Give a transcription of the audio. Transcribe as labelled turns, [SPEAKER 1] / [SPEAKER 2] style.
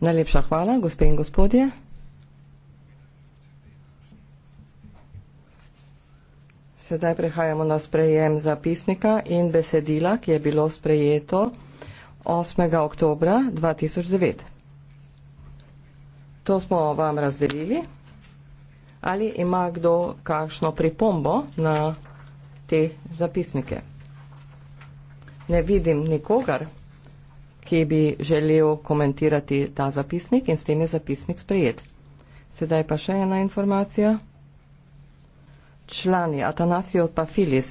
[SPEAKER 1] Najlepša hvala, gospe in gospodje. Sedaj prehajamo na sprejem zapisnika in besedila, ki je bilo sprejeto 8. oktobra 2009. To smo vam razdelili. Ali ima kdo kakšno pripombo na te zapisnike? Ne vidim nikogar ki bi želel komentirati ta zapisnik in s tem je zapisnik sprejet. Sedaj pa še ena informacija. Člani Atanasijo Pafilis